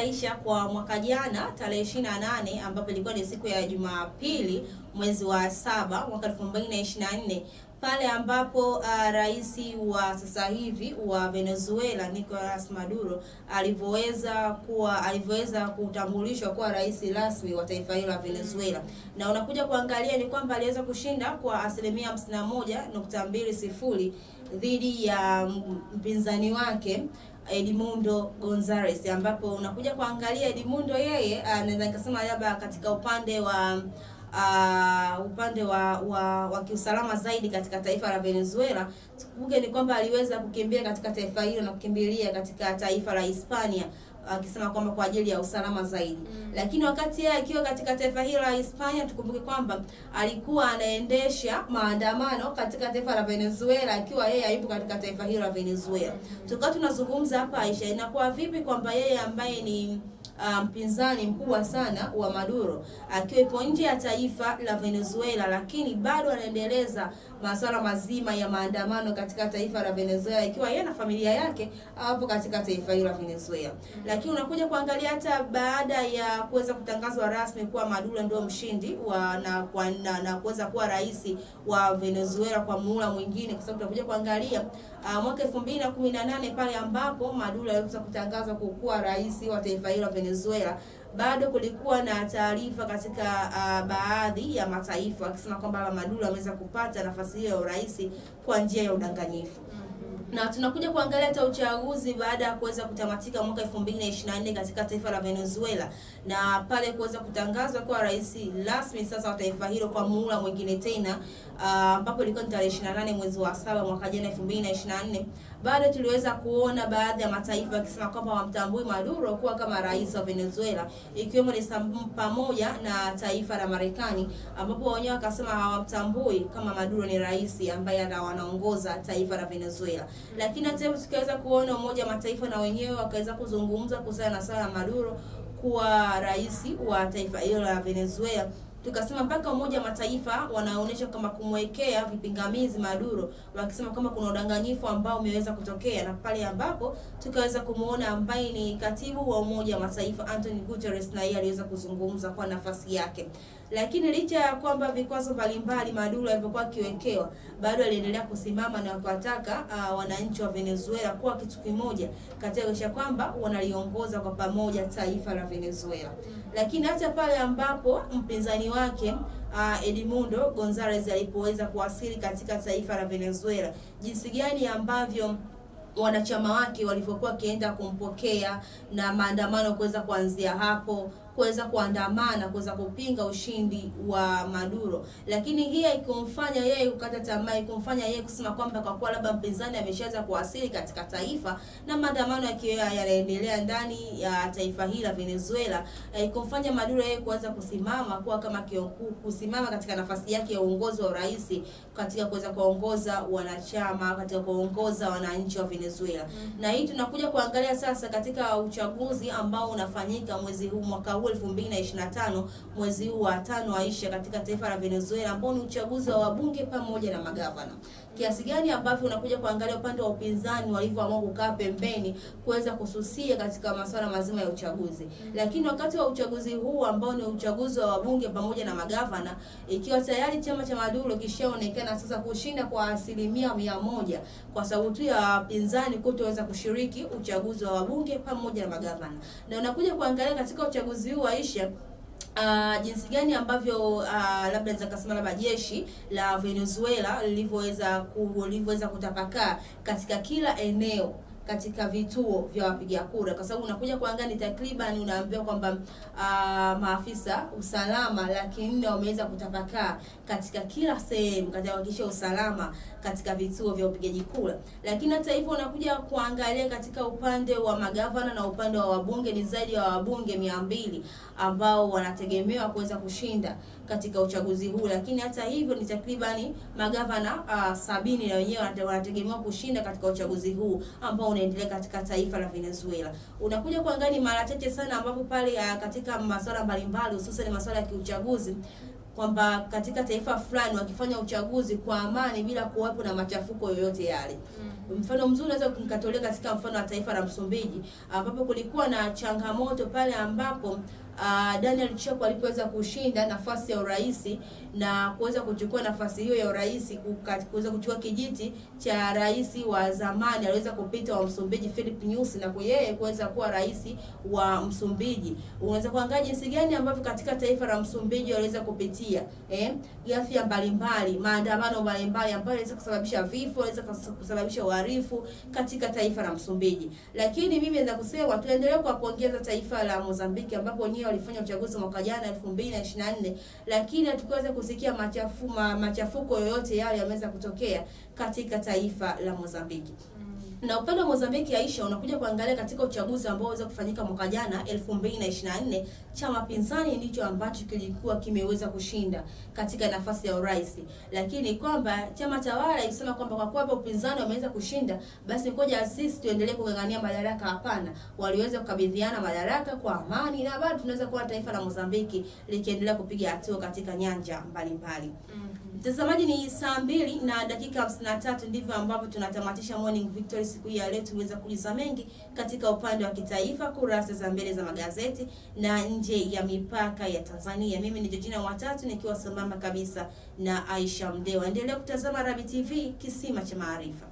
aisha kwa mwaka jana tarehe 28 ambapo ilikuwa ni siku ya Jumapili mwezi wa saba mwaka 2024 pale ambapo uh, rais wa sasa hivi wa Venezuela Nicolas Maduro alivyoweza kuwa alivyoweza kutambulishwa kuwa rais rasmi wa taifa hilo la Venezuela, mm. na unakuja kuangalia ni kwamba aliweza kushinda kwa asilimia hamsini mbili dhidi ya mpinzani wake Edmundo Gonzalez, ambapo unakuja kuangalia Edmundo yeye anaweza ah, nikasema labda katika upande wa Uh, upande wa, wa wa kiusalama zaidi katika taifa la Venezuela. Tukumbuke ni kwamba aliweza kukimbia katika taifa hilo na kukimbilia katika taifa la Hispania Uh, akisema kwamba kwa ajili ya usalama zaidi mm. Lakini wakati yeye akiwa katika taifa hilo la Hispania, tukumbuke kwamba alikuwa anaendesha maandamano katika taifa la Venezuela akiwa yeye hayupo katika taifa hilo la Venezuela mm. Tukawa tunazungumza hapa Aisha, inakuwa vipi kwamba yeye ambaye ni Uh, mpinzani um, mkubwa sana wa Maduro akiwepo nje ya taifa la Venezuela, lakini bado anaendeleza masuala mazima ya maandamano katika taifa la Venezuela, ikiwa yeye na familia yake hapo katika taifa hilo la Venezuela. Lakini unakuja kuangalia hata baada ya kuweza kutangazwa rasmi kuwa Maduro ndio mshindi wa na, na, na kuweza kuwa rais wa Venezuela kwa muhula mwingine, kwa sababu tunakuja kuangalia uh, mwaka 2018 pale ambapo Maduro aliweza kutangazwa kuwa rais wa taifa hilo la Venezuela Venezuela, bado kulikuwa na taarifa katika uh, baadhi ya mataifa akisema kwamba Maduro ameweza kupata nafasi hiyo ya urais kwa njia ya udanganyifu mm-hmm. na tunakuja kuangalia hata uchaguzi baada ya kuweza kutamatika mwaka 2024 katika taifa la Venezuela, na pale kuweza kutangazwa kwa rais rasmi sasa wa taifa hilo kwa muhula mwingine tena, ah, ambapo uh, ilikuwa ni tarehe 28 mwezi wa saba mwaka jana 2024 bado tuliweza kuona baadhi ya mataifa yakisema kwamba wamtambui Maduro kuwa kama rais wa Venezuela, ikiwemo ni pamoja na taifa la Marekani, ambapo wenyewe wakasema hawamtambui kama Maduro ni rais ambaye anaongoza taifa la Venezuela. Lakini hata tukiweza kuona Umoja wa Mataifa na wenyewe wakaweza kuzungumza kuhusiana na swala la Maduro kuwa rais wa taifa hilo la Venezuela tukasema mpaka Umoja wa Mataifa wanaonyesha kama kumwekea vipingamizi Maduro, wakisema kama kuna udanganyifu ambao umeweza kutokea, na pale ambapo tukaweza kumuona ambaye ni katibu wa Umoja wa Mataifa Anthony Guterres, na yeye aliweza kuzungumza kwa nafasi yake. Lakini licha ya kwamba vikwazo mbalimbali Maduro alivyokuwa akiwekewa, bado aliendelea kusimama na kuwataka uh, wananchi wa Venezuela kuwa kitu kimoja katika kuhakikisha kwamba wanaliongoza kwa pamoja taifa la Venezuela. Lakini hata pale ambapo mpinzani wake Uh, Edmundo Gonzalez alipoweza kuwasili katika taifa la Venezuela, jinsi gani ambavyo wanachama wake walivyokuwa wakienda kumpokea na maandamano kuweza kuanzia hapo kuweza kuandamana kuweza kupinga ushindi wa Maduro, lakini hii haikumfanya yeye kukata tamaa, ikumfanya yeye kusema kwamba kwa kuwa labda mpinzani ameshaweza kuwasili katika taifa na maandamano yakiwa yanaendelea ndani ya taifa hili la Venezuela, haikumfanya Maduro yeye kuanza kusimama kuwa kama kiongozi, kusimama katika nafasi yake ya uongozi wa rais katika kuweza kuongoza wanachama, katika kuongoza wananchi wa Venezuela. Mm -hmm. Na hii tunakuja kuangalia sasa katika uchaguzi ambao unafanyika mwezi huu mwaka huu 2025 mwezi huu wa tano waisha katika taifa la Venezuela, ambao ni uchaguzi wa wabunge pamoja na magavana. Kiasi gani ambavyo unakuja kuangalia upande wa upinzani walivyoamua kukaa pembeni kuweza kususia katika masuala mazima ya uchaguzi. Lakini wakati wa uchaguzi huu ambao ni uchaguzi wa wabunge pamoja na magavana, ikiwa tayari chama cha Maduro kishaonekana sasa kushinda kwa asilimia mia moja kwa sababu tu ya wapinzani kutoweza kushiriki uchaguzi wa wabunge pamoja na magavana, na unakuja kuangalia katika uchaguzi interview Aisha Uh, jinsi gani ambavyo uh, labda naweza kusema labda jeshi la Venezuela lilivyoweza ku, lilivyoweza kutapakaa katika kila eneo katika vituo vya wapiga kura, kwa sababu unakuja kuangalia takriban unaambiwa kwamba uh, maafisa usalama laki nne wameweza kutapakaa katika kila sehemu katika kuhakikisha usalama katika vituo vya upigaji kura. Lakini hata hivyo unakuja kuangalia katika upande wa magavana na upande wa wabunge, ni zaidi ya wabunge mia mbili ambao wanategemewa kuweza kushinda katika uchaguzi huu. Lakini hata hivyo ni takribani magavana uh, sabini na wenyewe wanategemewa kushinda katika uchaguzi huu ambao unaendelea katika taifa la Venezuela. Unakuja kuangalia mara chache sana ambapo pale ah, katika masuala mbalimbali hususan masuala ya kiuchaguzi kwamba katika taifa fulani wakifanya uchaguzi kwa amani bila kuwepo na machafuko yoyote yale. Mm. Mfano mzuri unaweza kumkatolea katika mfano wa taifa la Msumbiji ambapo kulikuwa na changamoto pale ambapo uh, Daniel Cheko alipoweza kushinda nafasi ya urais na kuweza kuchukua nafasi hiyo ya urais, kuweza kuchukua kijiti cha rais wa zamani, aliweza kupita wa Msumbiji Philip Nyusi na yeye kuweza kuwa rais wa Msumbiji. Unaweza kuangalia jinsi gani ambavyo katika taifa la Msumbiji waliweza kupitia eh, ghasia mbalimbali, maandamano mbalimbali ambayo yaweza kusababisha vifo, yaweza kusababisha uharifu katika taifa la Msumbiji, lakini mimi naweza kusema tuendelee kwa kuongeza taifa la Mozambiki ambapo wenyewe walifanya uchaguzi mwaka jana 2024, lakini hatukuweza kusikia machafu, machafuko yoyote yale yameweza kutokea katika taifa la Mozambiki. Na upande wa Mozambiki, Aisha, unakuja kuangalia katika uchaguzi ambao uweza kufanyika mwaka jana 2024, chama pinzani ndicho ambacho kilikuwa kimeweza kushinda katika nafasi ya urais, lakini kwamba chama tawala ilisema kwamba kwa kuwa upinzani wameweza kushinda, basi ngoja sisi tuendelee kung'ang'ania madaraka. Hapana, waliweza kukabidhiana madaraka kwa amani, na bado tunaweza kuwa taifa la Mozambiki likiendelea kupiga hatua katika nyanja mbalimbali mbali. Mm -hmm. Mtazamaji, ni saa mbili na dakika hamsini na tatu ndivyo ambavyo tunatamatisha Morning Victory siku hii ya leo. Tuweza kuuliza mengi katika upande wa kitaifa, kurasa za mbele za magazeti na nje ya mipaka ya Tanzania. Mimi ni Jojina Watatu nikiwa sambamba kabisa na Aisha Mdewa. Endelea kutazama Rabi TV, kisima cha maarifa.